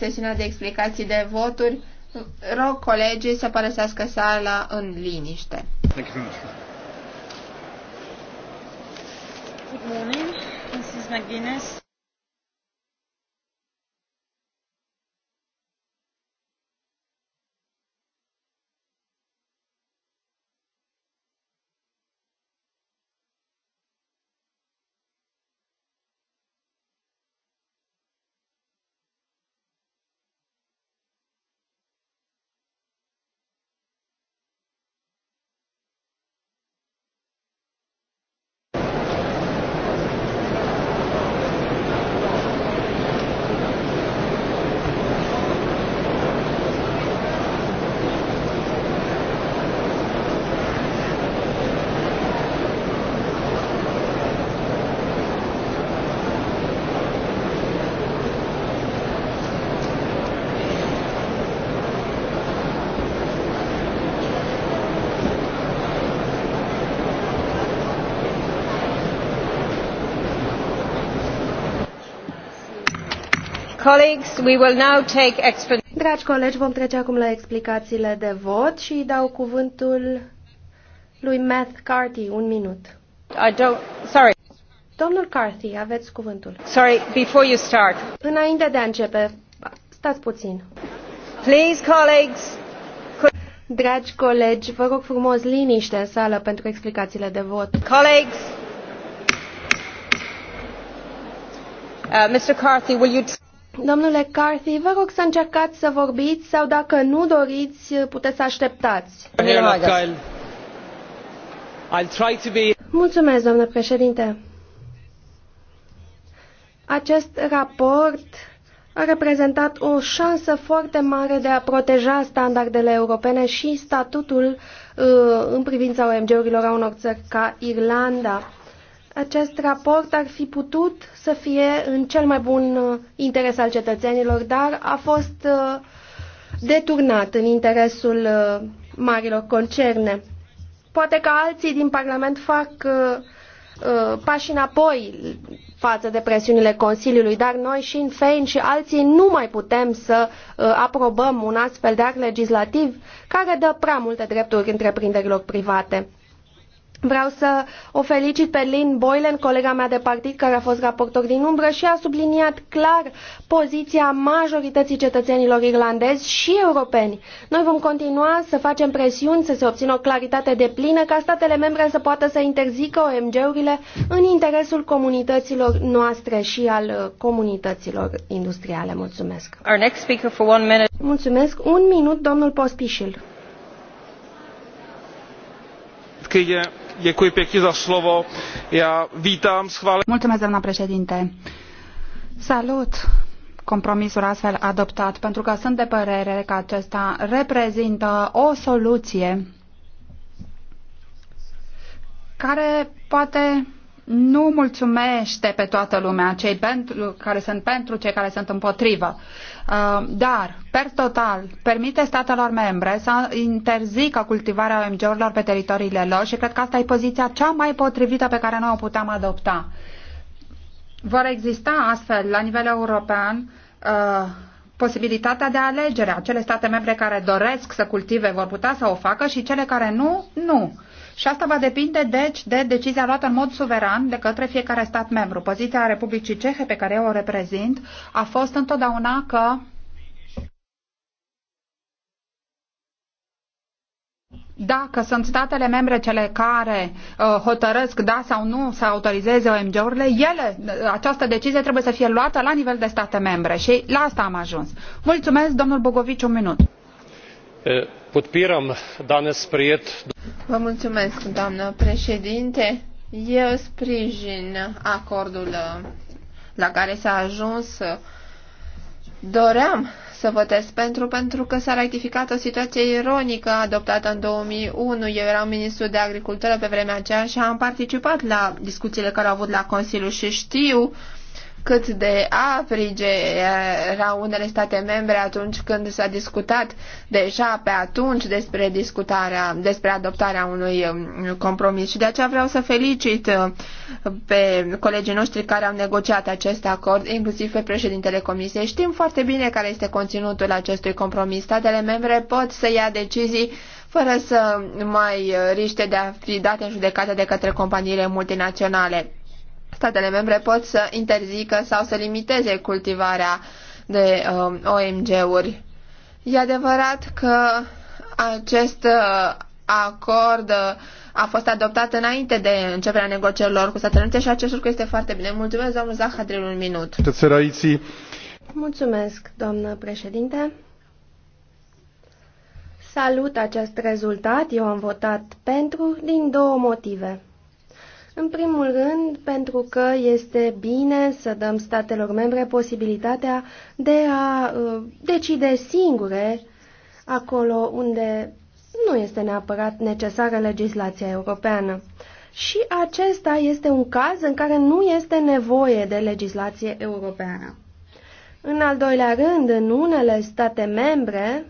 sesiunea de explicații de voturi. Rog colegii să părăsească sala în liniște. Good morning, Mrs. McGuinness. Dragi colegi, vom trece acum la explicațiile de vot și dau cuvântul lui Matt Carty, un minut. I don't, sorry. Domnul Carthy, aveți cuvântul. Sorry, before you start. Înainte de a începe, stați puțin. Please, colleagues. Dragi colegi, vă rog frumos liniște în sală pentru explicațiile de vot. Colleagues. Uh, Mr. Carthy, will you Domnule Carthy, vă rog să încercați să vorbiți sau dacă nu doriți, puteți să așteptați. Mulțumesc, domnule președinte. Acest raport a reprezentat o șansă foarte mare de a proteja standardele europene și statutul uh, în privința OMG-urilor a unor țări ca Irlanda acest raport ar fi putut să fie în cel mai bun uh, interes al cetățenilor, dar a fost uh, deturnat în interesul uh, marilor concerne. Poate că alții din Parlament fac pași înapoi față de presiunile Consiliului, dar noi și în Fein și alții nu mai putem să aprobăm un astfel de act legislativ care dă prea multe drepturi întreprinderilor private. Vreau să o felicit pe Lynn Boylan, colega mea de partid, care a fost raportor din umbră și a subliniat clar poziția majorității cetățenilor irlandezi și europeni. Noi vom continua să facem presiuni să se obțină o claritate de plină ca statele membre să poată să interzică OMG-urile în interesul comunităților noastre și al uh, comunităților industriale. Mulțumesc! Mulțumesc! Un minut, domnul Pospișil doamnă președinte salut compromisul astfel adoptat pentru că sunt de părere că acesta reprezintă o soluție care poate nu mulțumește pe toată lumea, cei pentru, care sunt pentru, cei care sunt împotrivă. Uh, dar, per total, permite statelor membre să interzică cultivarea OMG-urilor pe teritoriile lor și cred că asta e poziția cea mai potrivită pe care noi o putem adopta. Vor exista astfel, la nivel european, uh, posibilitatea de alegere. Acele state membre care doresc să cultive vor putea să o facă și cele care nu, nu. Și asta va depinde, deci, de decizia luată în mod suveran de către fiecare stat membru. Poziția Republicii Cehe, pe care eu o reprezint, a fost întotdeauna că Dacă sunt statele membre cele care uh, hotărăsc da sau nu să autorizeze OMG-urile, ele, uh, această decizie trebuie să fie luată la nivel de state membre și la asta am ajuns. Mulțumesc, domnul Bogovici, un minut. Podpiram danes sprejet Vă mulțumesc, doamnă președinte. Eu sprijin acordul uh, la care s-a ajuns. Doream să votez pentru, pentru că s-a rectificat o situație ironică adoptată în 2001. Eu eram ministru de agricultură pe vremea aceea și am participat la discuțiile care au avut la Consiliu și știu uh, cât de aprige erau unele state membre atunci când s-a discutat deja pe atunci despre discutarea, despre adoptarea unui um, compromis. Și de aceea vreau să felicit uh, pe colegii noștri care au negociat acest acord, inclusiv pe președintele Comisiei. Știm foarte bine care este conținutul acestui compromis. Statele membre pot să ia decizii fără să mai uh, riște de a fi date în judecată de către companiile multinaționale statele membre pot să interzică sau să limiteze cultivarea de uh, um, OMG-uri. E adevărat că acest uh, acord uh, a fost adoptat înainte de începerea negocierilor cu Statele Unite și acest lucru este foarte bine. Mulțumesc, domnul Zahadril, un minut. Mulțumesc, doamnă președinte. Salut acest rezultat. Eu am votat pentru din două motive. În primul rând, pentru că este bine să dăm statelor membre posibilitatea de a uh, decide singure acolo unde nu este neapărat necesară legislația europeană. Și acesta este un caz în care nu este nevoie de legislație europeană. În al doilea rând, în unele state membre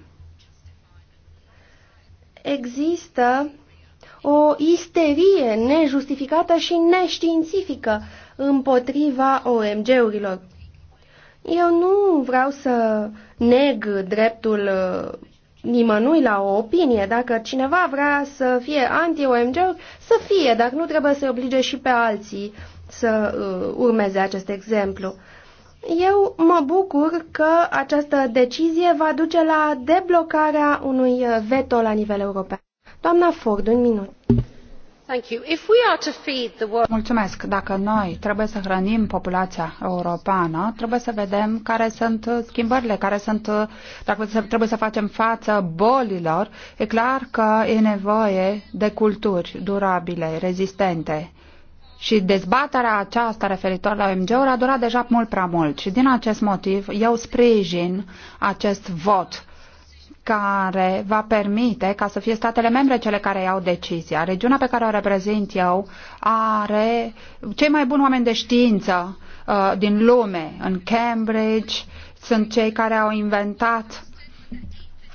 există o isterie nejustificată și neștiințifică împotriva OMG-urilor. Eu nu vreau să neg dreptul uh, nimănui la o opinie. Dacă cineva vrea să fie anti-OMG-uri, să fie, dacă nu trebuie să-i oblige și pe alții să uh, urmeze acest exemplu. Eu mă bucur că această decizie va duce la deblocarea unui uh, veto la nivel european. Mulțumesc. Dacă noi trebuie să hrănim populația europeană, trebuie să vedem care sunt schimbările, care sunt, dacă trebuie să facem față bolilor, e clar că e nevoie de culturi durabile, rezistente. Și dezbaterea aceasta referitoare la OMG-uri a durat deja mult prea mult și din acest motiv eu sprijin acest vot care va permite ca să fie statele membre cele care iau decizia. Regiunea pe care o reprezint eu are cei mai buni oameni de știință uh, din lume. În Cambridge sunt cei care au inventat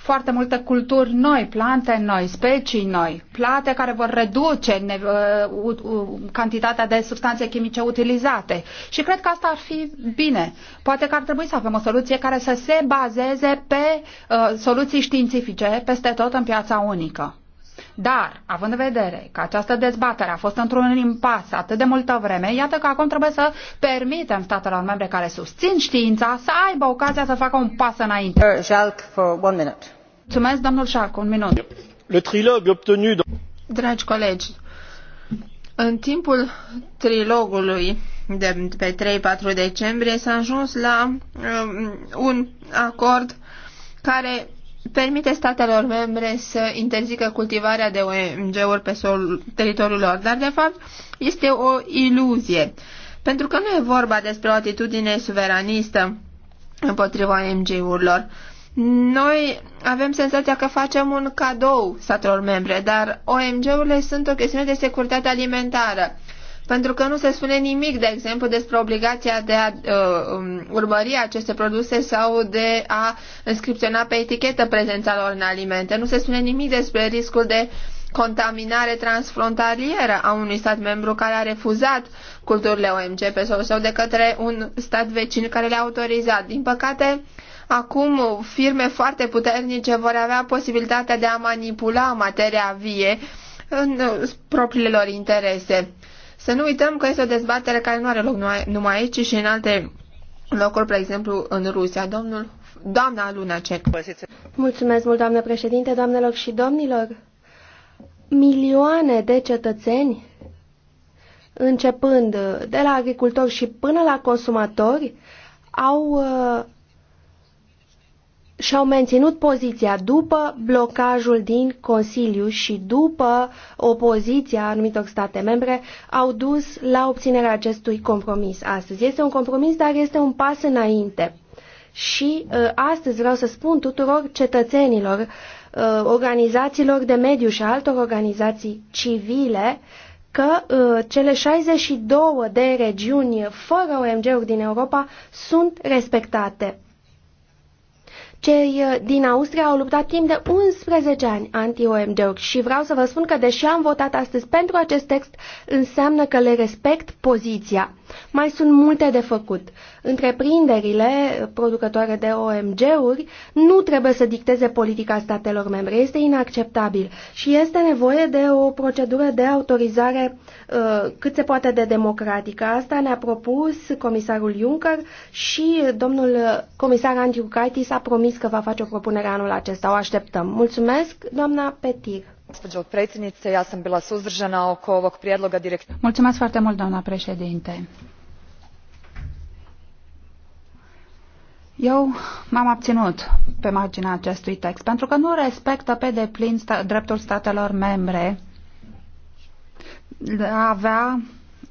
foarte multe culturi noi, plante noi, specii noi, plante care vor reduce uh, uh, cantitatea de substanțe chimice utilizate. Și cred că asta ar fi bine. Poate că ar trebui să avem o soluție care să se bazeze pe uh, soluții științifice peste tot în piața unică. Dar, având în vedere că această dezbatere a fost într-un impas atât de multă vreme, iată că acum trebuie să permitem statelor membre care susțin știința să aibă ocazia să facă un pas înainte. Uh, Jalc, for one minute un Dragi colegi, în timpul trilogului de pe 3-4 decembrie s-a ajuns la um, un acord care permite statelor membre să interzică cultivarea de OMG-uri pe sol, teritoriul lor, dar de fapt este o iluzie, pentru că nu e vorba despre o atitudine suveranistă împotriva OMG-urilor. Noi avem senzația că facem un cadou statelor membre, dar OMG-urile sunt o chestiune de securitate alimentară. Pentru că nu se spune nimic, de exemplu, despre obligația de a uh, um, urmări aceste produse sau de a inscripționa pe etichetă prezența lor în alimente. Nu se spune nimic despre riscul de contaminare transfrontalieră a unui stat membru care a refuzat culturile OMG pe sau de către un stat vecin care le-a autorizat. Din păcate, uh, Acum firme foarte puternice vor avea posibilitatea de a manipula materia vie în uh, propriile lor interese. Să nu uităm că este o dezbatere care nu are loc numai aici, ci și în alte locuri, pe exemplu în Rusia. Domnul, doamna Lunacek. Mulțumesc mult, doamnă președinte, doamnelor și domnilor. Milioane de cetățeni, începând de la agricultori și până la consumatori, au uh, și-au menținut poziția după blocajul din Consiliu și după opoziția anumitor state membre au dus la obținerea acestui compromis astăzi. Este un compromis, dar este un pas înainte. Și uh, astăzi vreau să spun tuturor cetățenilor, uh, organizațiilor de mediu și altor organizații civile că uh, cele 62 de regiuni fără OMG-uri din Europa sunt respectate cei uh, din Austria au luptat timp de 11 ani anti-OMG și vreau să vă spun că deși am votat astăzi pentru acest text, înseamnă că le respect poziția. Mai sunt multe de făcut. Întreprinderile producătoare de OMG-uri nu trebuie să dicteze politica statelor membre. Este inacceptabil și este nevoie de o procedură de autorizare uh, cât se poate de democratică. Asta ne-a propus comisarul Juncker și domnul comisar Andriukaitis a promis că va face o propunere anul acesta. O așteptăm. Mulțumesc, doamna Petir Mulțumesc foarte mult, doamna președinte. Eu m-am abținut pe marginea acestui text pentru că nu respectă pe deplin sta dreptul statelor membre de a avea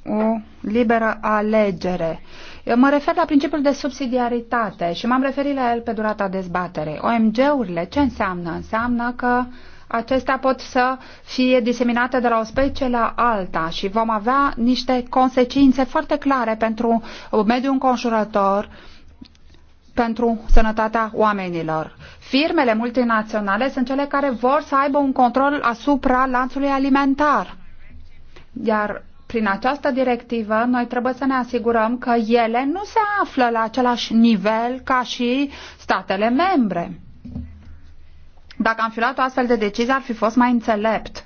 o liberă alegere. Eu mă refer la principiul de subsidiaritate și m-am referit la el pe durata dezbaterei. OMG-urile ce înseamnă? Înseamnă că acestea pot să fie diseminate de la o specie la alta și vom avea niște consecințe foarte clare pentru mediul înconjurător pentru sănătatea oamenilor. Firmele multinaționale sunt cele care vor să aibă un control asupra lanțului alimentar. Iar prin această directivă, noi trebuie să ne asigurăm că ele nu se află la același nivel ca și statele membre. Dacă am fi luat o astfel de decizie, ar fi fost mai înțelept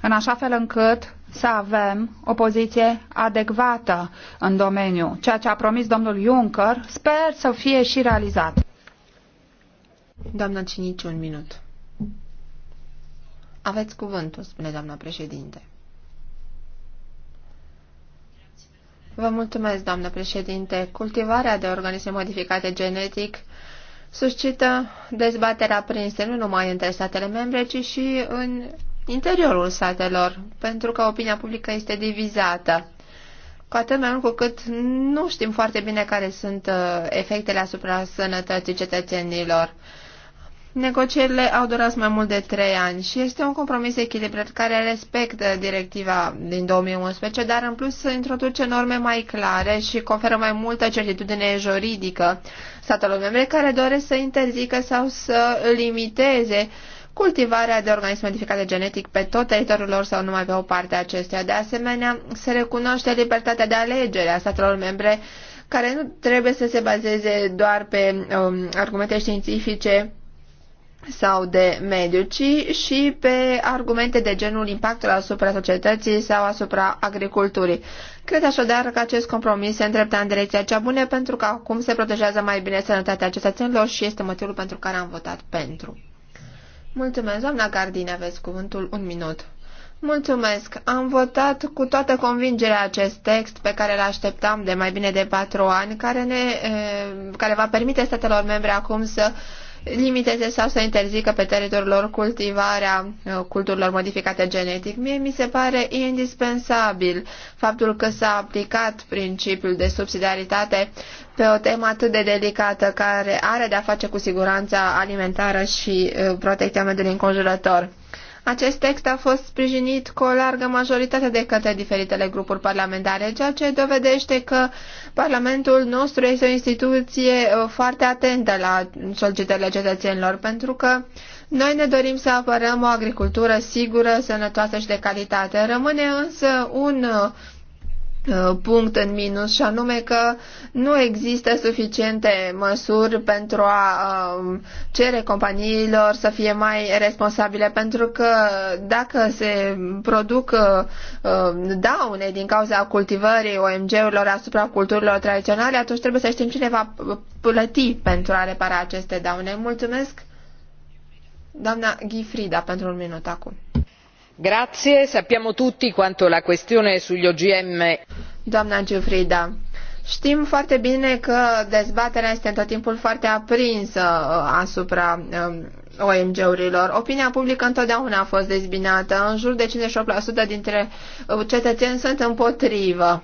în așa fel încât să avem o poziție adecvată în domeniu. Ceea ce a promis domnul Juncker sper să fie și realizat. Doamna Cinici, un minut. Aveți cuvântul, spune doamna președinte. Vă mulțumesc, doamnă președinte. Cultivarea de organisme modificate genetic suscită dezbaterea prinse nu numai între statele membre, ci și în interiorul satelor, pentru că opinia publică este divizată. Cu atât mai mult cu cât nu știm foarte bine care sunt uh, efectele asupra sănătății cetățenilor. Negocierile au durat mai mult de trei ani și este un compromis echilibrat care respectă directiva din 2011, dar în plus introduce norme mai clare și conferă mai multă certitudine juridică statelor membre care doresc să interzică sau să limiteze uh, cultivarea de organisme modificate genetic pe tot teritoriul lor sau numai pe o parte a acestuia, De asemenea, se recunoaște libertatea de alegere a statelor membre care nu trebuie să se bazeze doar pe um, argumente științifice sau de mediu, ci și pe argumente de genul impactul asupra societății sau asupra agriculturii. Cred așadar că acest compromis se îndreptă în direcția cea bună pentru că acum se protejează mai bine sănătatea cetățenilor și este motivul pentru care am votat pentru. Mulțumesc, doamna Gardine, aveți cuvântul un minut. Mulțumesc! Am votat cu toată convingerea acest text pe care îl așteptam de mai bine de patru ani, care, ne, care va permite statelor membre acum să limiteze sau să interzică pe teritoriul lor cultivarea culturilor modificate genetic. Mie mi se pare indispensabil faptul că s-a aplicat principiul de subsidiaritate pe o temă atât de delicată care are de-a face cu siguranța alimentară și protecția mediului înconjurător. Acest text a fost sprijinit cu o largă majoritate de către diferitele grupuri parlamentare, ceea ce dovedește că Parlamentul nostru este o instituție foarte atentă la solicitările cetățenilor, pentru că noi ne dorim să apărăm o agricultură sigură, sănătoasă și de calitate. Rămâne însă un Uh, punct în minus și anume că nu există suficiente măsuri pentru a um, cere companiilor să fie mai responsabile pentru că dacă se produc uh, um, daune din cauza cultivării OMG-urilor asupra culturilor tradiționale, atunci trebuie să știm cine va plăti pentru a repara aceste daune. Mulțumesc, doamna Ghifrida, pentru un minut acum sappiamo tutti quanto la questione sugli ogm. doamnă giuffrida știm foarte bine că dezbaterea este tot timpul foarte aprinsă uh, asupra um, OMG urilor. Opinia publică întotdeauna a fost dezbinată. În jur de 58% dintre uh, cetățeni sunt împotrivă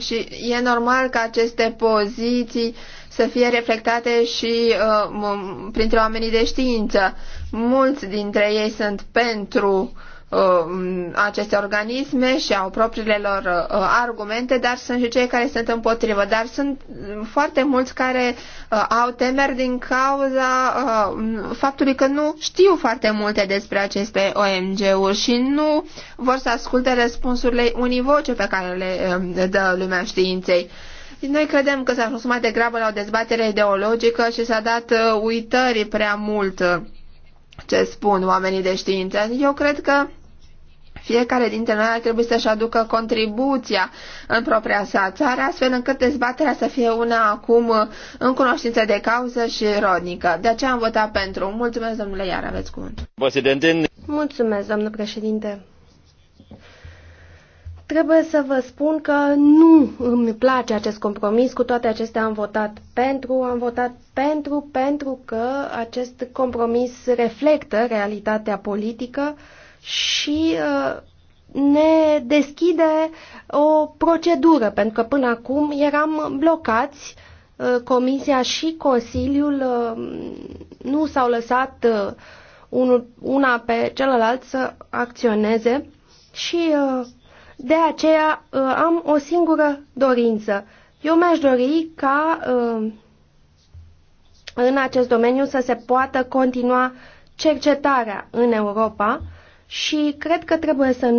și e normal ca aceste poziții să fie reflectate și uh, printre oamenii de știință. Mulți dintre ei sunt pentru uh, Um, aceste organisme și au propriile lor uh, argumente, dar sunt și cei care sunt împotrivă. Dar sunt um, foarte mulți care uh, au temeri din cauza uh, faptului că nu știu foarte multe despre aceste ONG-uri și nu vor să asculte răspunsurile univoce pe care le um, dă lumea științei. Noi credem că s-a ajuns mai degrabă la o dezbatere ideologică și s-a dat uitării prea mult ce spun oamenii de știință. Eu cred că fiecare dintre noi ar trebui să-și aducă contribuția în propria sa țară, astfel încât dezbaterea să fie una acum în cunoștință de cauză și rodnică. De aceea am votat pentru. Mulțumesc, domnule Iar, aveți cuvânt. Mulțumesc, domnule președinte. Trebuie să vă spun că nu îmi place acest compromis, cu toate acestea am votat pentru, am votat pentru, pentru că acest compromis reflectă realitatea politică uh, și uh, ne deschide o procedură, pentru că până acum eram blocați, uh, Comisia și Consiliul uh, nu s-au lăsat una pe celălalt să acționeze și de aceea am o singură dorință. Eu mi-aș dori ca în acest domeniu să se poată continua cercetarea în Europa, și cred că trebuie să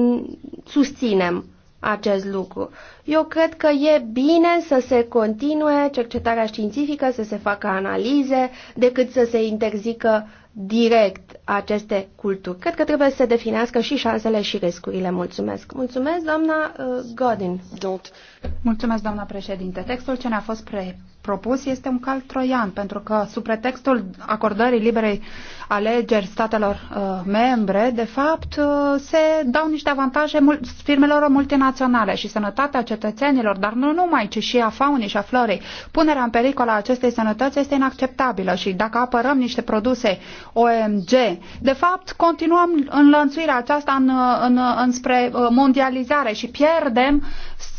susținem acest lucru. Eu cred că e bine să se continue cercetarea științifică, să se facă analize, decât să se interzică direct aceste culturi. Cred că trebuie să se definească și șansele și riscurile. Mulțumesc. Mulțumesc, doamna uh, Godin. Don't. Mulțumesc, doamna președinte. Textul ce ne-a fost pre propus este un cal troian, pentru că sub pretextul acordării liberei alegeri statelor uh, membre, de fapt, uh, se dau niște avantaje mul- firmelor multinaționale și sănătatea cetățenilor, dar nu numai, ci și a faunii și a florii. Punerea în pericol a acestei sănătăți este inacceptabilă și dacă apărăm niște produse OMG, de fapt, continuăm înlănțuirea aceasta în, în, înspre uh, mondializare și pierdem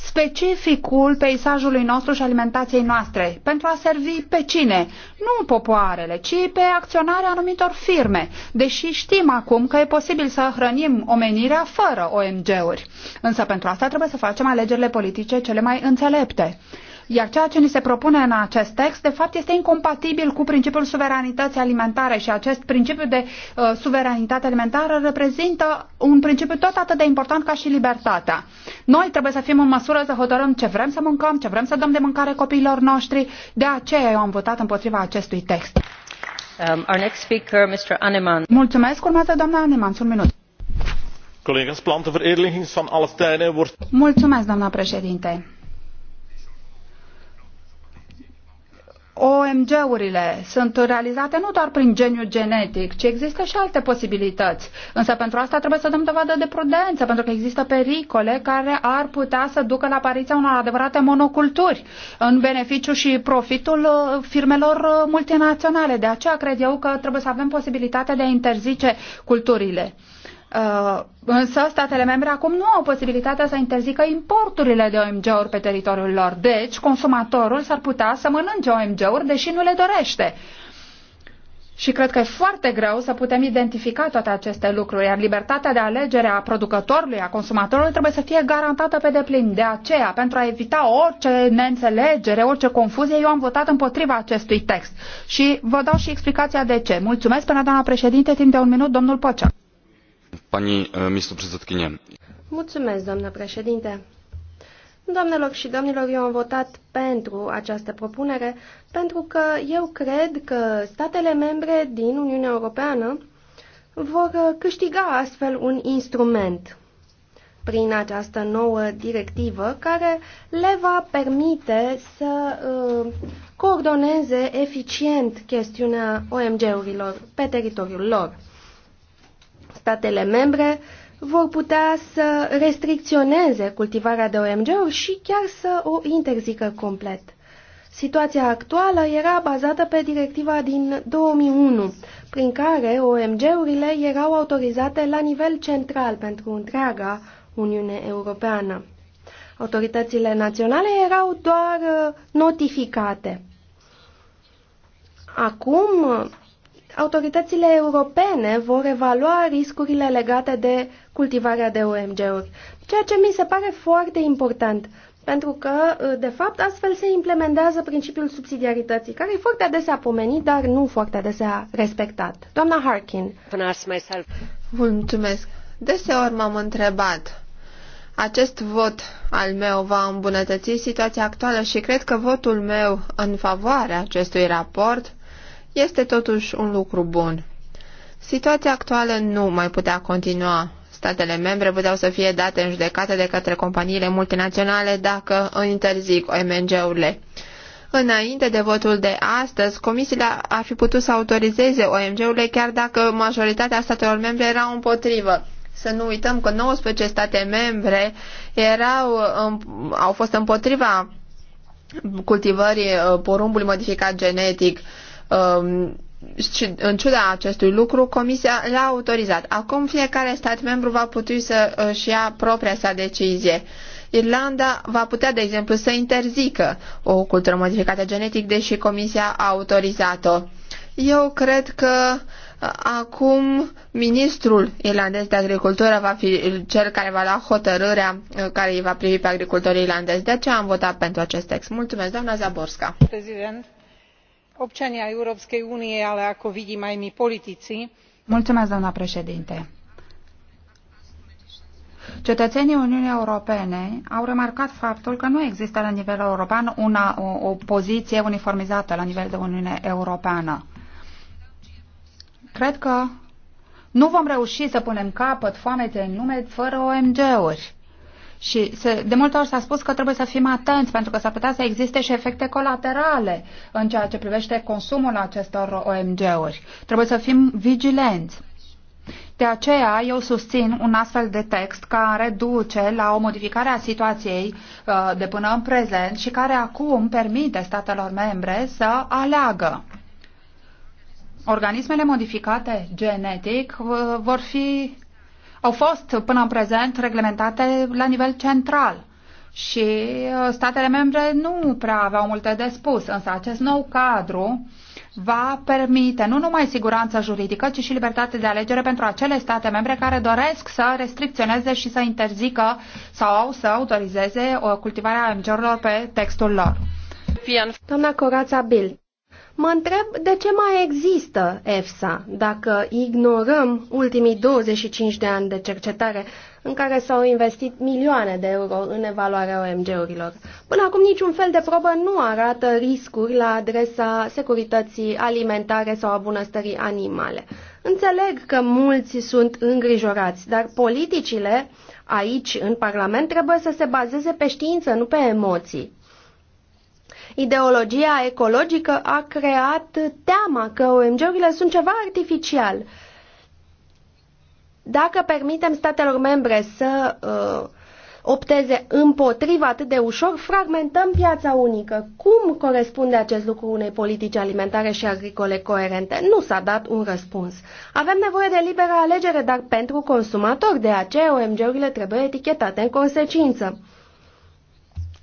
specificul peisajului nostru și alimentației noastre, pentru a servi pe cine? Nu popoarele, ci pe acționarea anumitor firme, deși știm acum că e posibil să hrănim omenirea fără OMG-uri. Însă pentru asta trebuie să facem alegerile politice cele mai înțelepte. Iar ceea ce ni se propune în acest text, de fapt, este incompatibil cu principiul suveranității alimentare și acest principiu de uh, suveranitate alimentară reprezintă un principiu tot atât de important ca și libertatea. Noi trebuie să fim în măsură să hotărâm ce vrem să mâncăm, ce vrem să dăm de mâncare copiilor noștri. De aceea eu am votat împotriva acestui text. Um, our next speaker, Mr. Aneman. Mulțumesc. Urmează doamna Aneman. Un minut. Collega's, plantenveredelings van alle tijden wordt... Mulțumesc, doamna președinte. OMG-urile sunt realizate nu doar prin geniu genetic, ci există și alte posibilități. Însă pentru asta trebuie să dăm dovadă de prudență, pentru că există pericole care ar putea să ducă la apariția unor adevărate monoculturi în beneficiu și profitul uh, firmelor uh, multinaționale. De aceea cred eu că trebuie să avem posibilitatea de a interzice culturile. Uh, însă statele membre acum nu au posibilitatea să interzică importurile de OMG-uri pe teritoriul lor. Deci, consumatorul s-ar putea să mănânce OMG-uri, deși nu le dorește. Și cred că e foarte greu să putem identifica toate aceste lucruri, iar libertatea de alegere a producătorului, a consumatorului, trebuie să fie garantată pe deplin. De aceea, pentru a evita orice neînțelegere, orice confuzie, eu am votat împotriva acestui text. Și vă dau și explicația de ce. Mulțumesc, până doamna președinte, timp de un minut, domnul Pocea. Mulțumesc, doamnă președinte. Doamnelor și domnilor, eu am votat pentru această propunere pentru că eu cred că statele membre din Uniunea Europeană vor câștiga astfel un instrument prin această nouă directivă care le va permite să uh, coordoneze eficient chestiunea OMG-urilor pe teritoriul lor statele membre vor putea să restricționeze cultivarea de OMG-uri și chiar să o interzică complet. Situația actuală era bazată pe directiva din 2001, prin care OMG-urile erau autorizate la nivel central pentru întreaga Uniune Europeană. Autoritățile naționale erau doar uh, notificate. Acum, autoritățile europene vor evalua riscurile legate de cultivarea de OMG-uri, ceea ce mi se pare foarte important, pentru că, ă, de fapt, astfel se implementează principiul subsidiarității, care e foarte adesea pomenit, dar nu foarte adesea respectat. Doamna Harkin. Mulțumesc. Deseori m-am întrebat acest vot al meu va îmbunătăți situația actuală și cred că votul meu în favoarea acestui raport este totuși un lucru bun. Situația actuală nu mai putea continua. Statele membre puteau să fie date în judecată de către companiile multinaționale dacă interzic OMG-urile. Înainte de votul de astăzi, comisia ar fi putut să autorizeze OMG-urile chiar dacă majoritatea statelor membre erau împotrivă. Să nu uităm că 19 state membre erau, au fost împotriva cultivării uh, porumbului modificat genetic Um, și în ciuda acestui lucru, Comisia l-a autorizat. Acum fiecare stat membru va putea să își ia propria sa decizie. Irlanda va putea, de exemplu, să interzică o cultură modificată genetic, deși Comisia a autorizat-o. Eu cred că uh, acum ministrul irlandez de agricultură va fi cel care va lua hotărârea uh, care îi va privi pe agricultorii irlandezi. De aceea am votat pentru acest text. Mulțumesc, doamna Zaborska. Prezident občania európskej únie ale ako vidím aj my politici. doamnă cetățenii uniunii europene au remarcat faptul că nu există la nivel european una, o, o poziție uniformizată la nivel de uniune europeană. cred că nu vom reuși să punem capăt foametei în lume fără omg uri și se, de multe ori s-a spus că trebuie să fim atenți, pentru că s-ar putea să existe și efecte colaterale în ceea ce privește consumul acestor OMG-uri. Trebuie să fim vigilenți. De aceea eu susțin un astfel de text care duce la o modificare a situației uh, de până în prezent și care acum permite statelor membre să aleagă. Organismele modificate genetic uh, vor fi au fost până în prezent reglementate la nivel central și uh, statele membre nu prea aveau multe de spus, însă acest nou cadru va permite nu numai siguranță juridică, ci și libertate de alegere pentru acele state membre care doresc să restricționeze și să interzică sau să autorizeze uh, cultivarea OMG-urilor pe textul lor. Doamna Corața Bild. Mă întreb de ce mai există EFSA dacă ignorăm ultimii 25 de ani de cercetare în care s-au investit milioane de euro în evaluarea OMG-urilor. Până acum niciun fel de probă nu arată riscuri la adresa securității alimentare sau a bunăstării animale. Înțeleg că mulți sunt îngrijorați, dar politicile aici, în Parlament, trebuie să se bazeze pe știință, nu pe emoții. Ideologia ecologică a creat teama că OMG-urile sunt ceva artificial. Dacă permitem statelor membre să uh, opteze împotriva atât de ușor, fragmentăm piața unică. Cum corespunde acest lucru unei politici alimentare și agricole coerente? Nu s-a dat un răspuns. Avem nevoie de liberă alegere, dar pentru consumator, de aceea OMG-urile trebuie etichetate în consecință.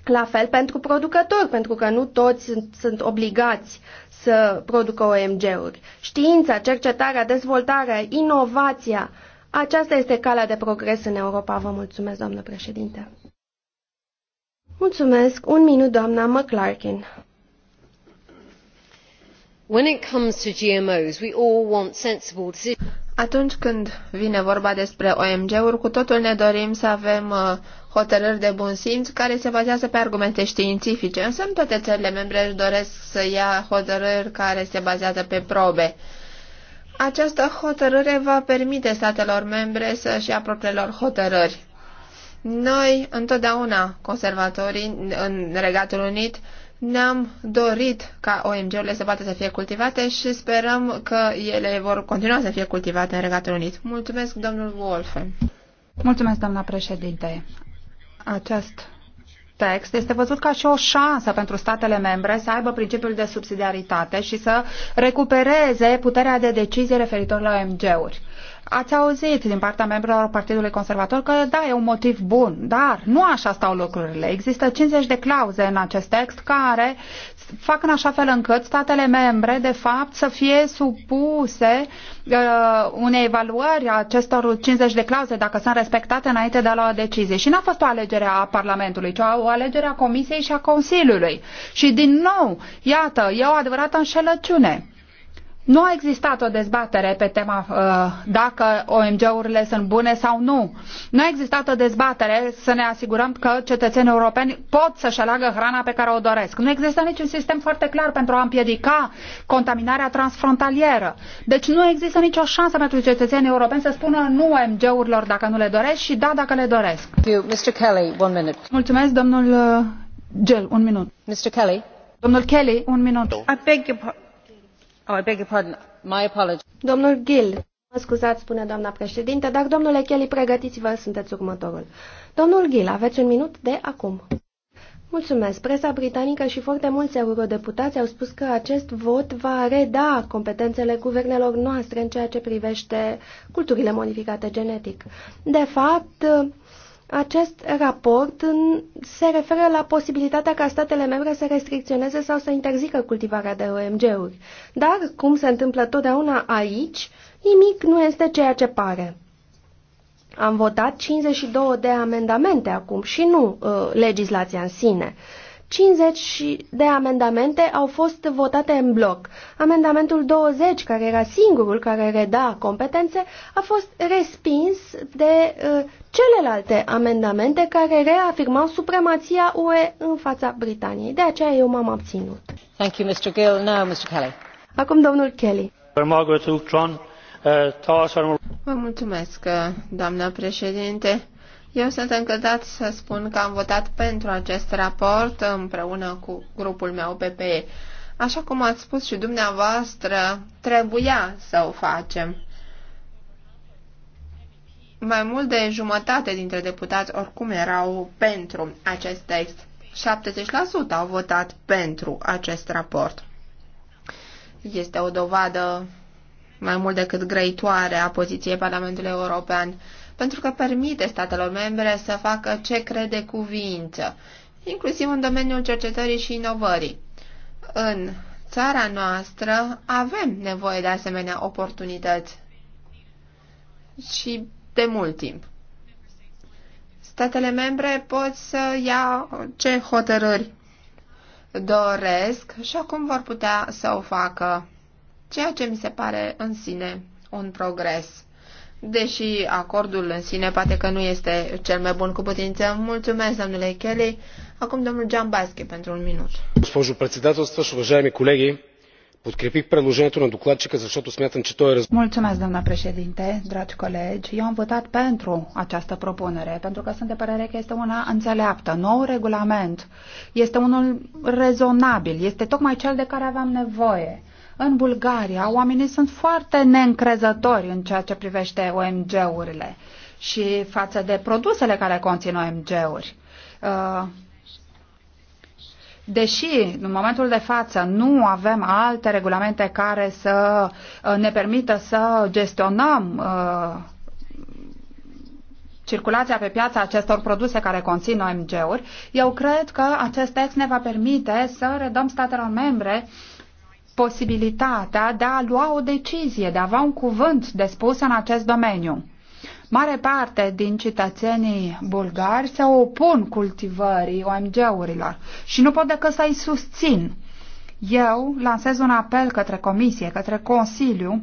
La fel pentru producători, pentru că nu toți sunt, sunt obligați să producă OMG-uri. Știința, cercetarea, dezvoltarea, inovația, aceasta este calea de progres în Europa. Vă mulțumesc, doamnă președinte. Mulțumesc. Un minut, doamna McClarkin. When it comes to GMOs, we all want sensible decisions atunci când vine vorba despre OMG-uri, cu totul ne dorim să avem uh, hotărâri de bun simț care se bazează pe argumente științifice, însă în toate țările membre își doresc să ia hotărâri care se bazează pe probe. Această hotărâre va permite statelor membre să-și ia propriilor hotărâri. Noi, întotdeauna, conservatorii în Regatul Unit, ne-am dorit ca OMG-urile să poată să fie cultivate și sperăm că ele vor continua să fie cultivate în Regatul Unit. Mulțumesc, domnul Wolfe. Mulțumesc, doamna președinte. Acest text este văzut ca și o șansă pentru statele membre să aibă principiul de subsidiaritate și să recupereze puterea de decizie referitor la OMG-uri. Ați auzit din partea membrilor Partidului Conservator că da, e un motiv bun, dar nu așa stau lucrurile. Există 50 de clauze în acest text care fac în așa fel încât statele membre, de fapt, să fie supuse uh, unei evaluări a acestor 50 de clauze, dacă sunt respectate înainte de a lua decizie. Și n-a fost o alegere a Parlamentului, ci o alegere a Comisiei și a Consiliului. Și, din nou, iată, e o adevărată înșelăciune. Nu a existat o dezbatere pe tema uh, dacă OMG-urile sunt bune sau nu. Nu a existat o dezbatere să ne asigurăm că cetățenii europeni pot să-și aleagă hrana pe care o doresc. Nu există niciun sistem foarte clar pentru a împiedica contaminarea transfrontalieră. Deci nu există nicio șansă pentru cetățenii europeni să spună nu OMG-urilor dacă nu le doresc și da dacă le doresc. Mr. Kelly, one minute. Mulțumesc, domnul uh, Gel, un minut. Mr. Kelly. Domnul Kelly, un minut. I beg your Oh, I beg your pardon. My Domnul Gill, mă scuzați, spune doamna președinte, dar domnule Kelly, pregătiți-vă, sunteți următorul. Domnul Gill, aveți un minut de acum. Mulțumesc. Presa britanică și foarte mulți eurodeputați au spus că acest vot va reda competențele guvernelor noastre în ceea ce privește culturile modificate genetic. De fapt, acest raport se referă la posibilitatea ca statele membre să restricționeze sau să interzică cultivarea de OMG-uri. Dar, cum se întâmplă totdeauna aici, nimic nu este ceea ce pare. Am votat 52 de amendamente acum și nu uh, legislația în sine. Uh, 50 de amendamente au fost votate în bloc. Amendamentul 20, care era singurul care reda competențe, a fost respins de uh, celelalte amendamente care reafirmau supremația UE în fața Britaniei. De aceea eu m-am abținut. Thank you, Mr. Gill. Now, Mr. Kelly. Acum domnul Kelly. Uh, Vă mulțumesc, uh, doamna președinte. Eu sunt încântat să spun că am votat pentru acest raport împreună cu grupul meu PPE. Așa cum ați spus și dumneavoastră, trebuia să o facem. Mai mult de jumătate dintre deputați oricum erau pentru acest text. 70% au votat pentru acest raport. Este o dovadă mai mult decât grăitoare a poziției Parlamentului European pentru că permite statelor membre să facă ce crede cuvință, inclusiv în domeniul cercetării și inovării. În țara noastră avem nevoie de asemenea oportunități și de mult timp. Statele membre pot să ia ce hotărâri doresc și acum vor putea să o facă, ceea ce mi se pare în sine un progres deși acordul în sine poate că nu este cel mai bun cu putință. Mulțumesc, domnule Kelly. Acum domnul Baschi pentru un minut. Госпожо председателстващ, уважаеми колеги, подкрепих предложението на докладчика, защото смятам, че той е... Mulțumesc, doamna președinte, dragi colegi. Eu am votat pentru această propunere, pentru că sunt de părere că este una înțeleaptă. Nou regulament este unul rezonabil, este tocmai cel de care aveam nevoie în Bulgaria, oamenii sunt foarte neîncrezători în ceea ce privește OMG-urile și față de produsele care conțin OMG-uri. Uh, deși, în momentul de față, nu avem alte regulamente care să uh, ne permită să gestionăm uh, circulația pe piața acestor produse care conțin OMG-uri, eu cred că acest text ne va permite să redăm statelor membre uh, posibilitatea de a lua o decizie, de a avea un cuvânt de spus în acest domeniu. Mare parte din cetățenii bulgari se opun cultivării OMG-urilor și nu pot decât să-i susțin. Eu lansez un apel către Comisie, către Consiliu,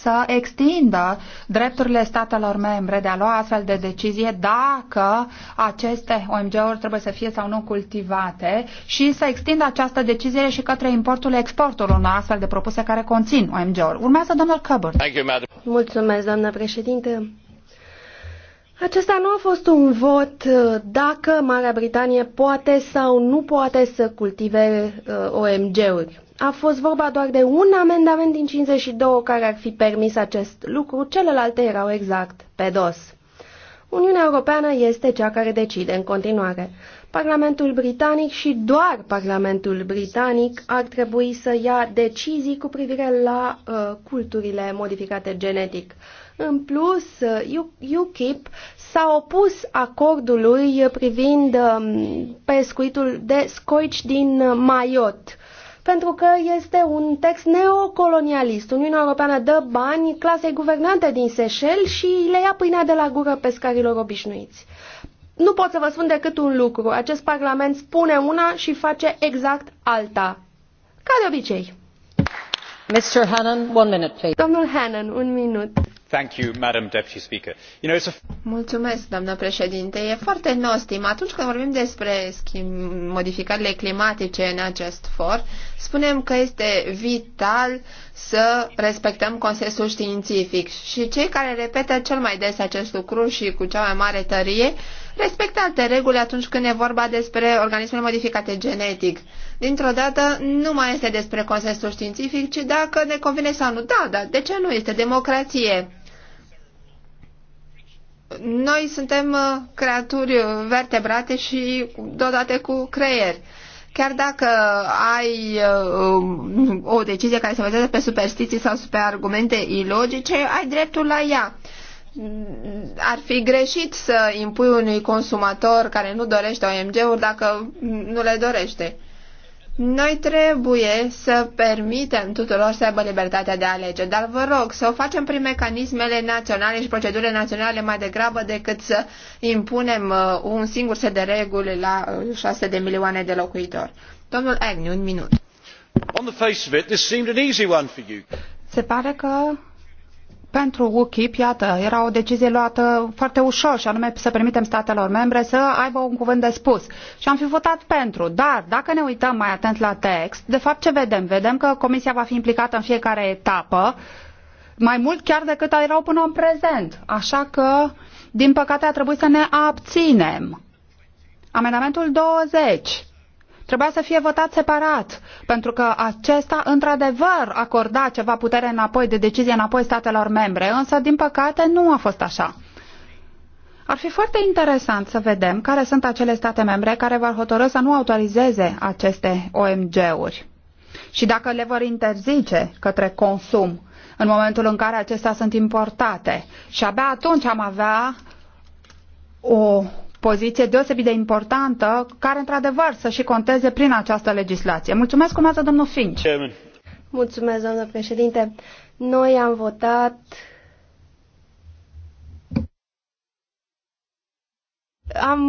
să extindă drepturile statelor membre de a lua astfel de decizie dacă aceste OMG-uri trebuie să fie sau nu cultivate și să extindă această decizie și către importul exportul unor astfel de propuse care conțin OMG-uri. Urmează domnul Căbăr. Mulțumesc, doamnă președinte. Acesta nu a fost un vot uh, dacă Marea Britanie poate sau nu poate să cultive uh, OMG-uri. A fost vorba doar de un amendament din 52 care ar fi permis acest lucru, celelalte erau exact pe dos. Uniunea Europeană este cea care decide în continuare. Parlamentul Britanic și doar Parlamentul Britanic ar trebui să ia decizii cu privire la uh, culturile modificate genetic. În plus, uh, UKIP s-a opus acordului privind um, pescuitul de scoici din Maiot pentru că este un text neocolonialist. Uniunea Europeană dă bani clasei guvernante din Seychelles și le ia pâinea de la gură pescarilor obișnuiți. Nu pot să vă spun decât un lucru. Acest parlament spune una și face exact alta. Ca de obicei. Mr. Hannon, one minute, please. Domnul Hannon, un minut doamnă președinte e foarte nostim atunci când vorbim despre modificările climatice în acest for spunem că este vital să respectăm consensul științific. Și cei care repetă cel mai des acest lucru și cu cea mai mare tărie, respectă alte reguli atunci când e vorba despre organismele modificate genetic. Dintr-o dată nu mai este despre consensul științific, ci dacă ne convine sau nu. Da, dar de ce nu? Este democrație. Noi suntem uh, creaturi vertebrate și deodată cu creier chiar dacă ai uh, o decizie care se bazează pe superstiții sau pe argumente ilogice, ai dreptul la ea. Ar fi greșit să impui unui consumator care nu dorește OMG-uri dacă nu le dorește. Noi trebuie să permitem tuturor să aibă libertatea de a alege, dar vă rog să o facem prin mecanismele naționale și procedurile naționale mai degrabă decât să impunem uh, un singur set de reguli la 6 uh, de milioane de locuitori. Domnul Agnew, un minut. Se pare că pentru UKIP, iată, era o decizie luată foarte ușor și anume să permitem statelor membre să aibă un cuvânt de spus. Și am fi votat pentru, dar dacă ne uităm mai atent la text, de fapt ce vedem? Vedem că Comisia va fi implicată în fiecare etapă, mai mult chiar decât erau până în prezent. Așa că, din păcate, a trebuit să ne abținem. Amendamentul 20 trebuia să fie votat separat, pentru că acesta, într-adevăr, acorda ceva putere înapoi, de decizie înapoi statelor membre, însă, din păcate, nu a fost așa. Ar fi foarte interesant să vedem care sunt acele state membre care vor hotărâ să nu autorizeze aceste OMG-uri și dacă le vor interzice către consum în momentul în care acestea sunt importate. Și abia atunci am avea o poziție deosebit de importantă, care într-adevăr să și conteze prin această legislație. Mulțumesc, urmează domnul Finch. Mulțumesc, doamnă președinte. Noi am votat Am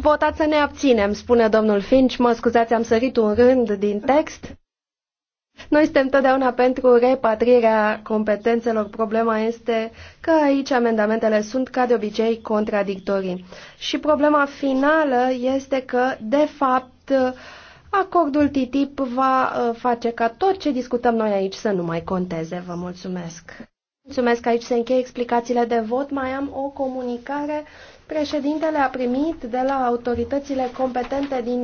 votat să ne abținem, spune domnul Finch. Mă scuzați, am sărit un rând din text. Noi suntem totdeauna pentru repatrierea competențelor. Problema este că aici amendamentele sunt, ca de obicei, contradictorii. Și problema finală este că, de fapt, acordul TTIP va uh, face ca tot ce discutăm noi aici să nu mai conteze. Vă mulțumesc! Mulțumesc, aici se încheie explicațiile de vot. Mai am o comunicare. Președintele a primit de la autoritățile competente din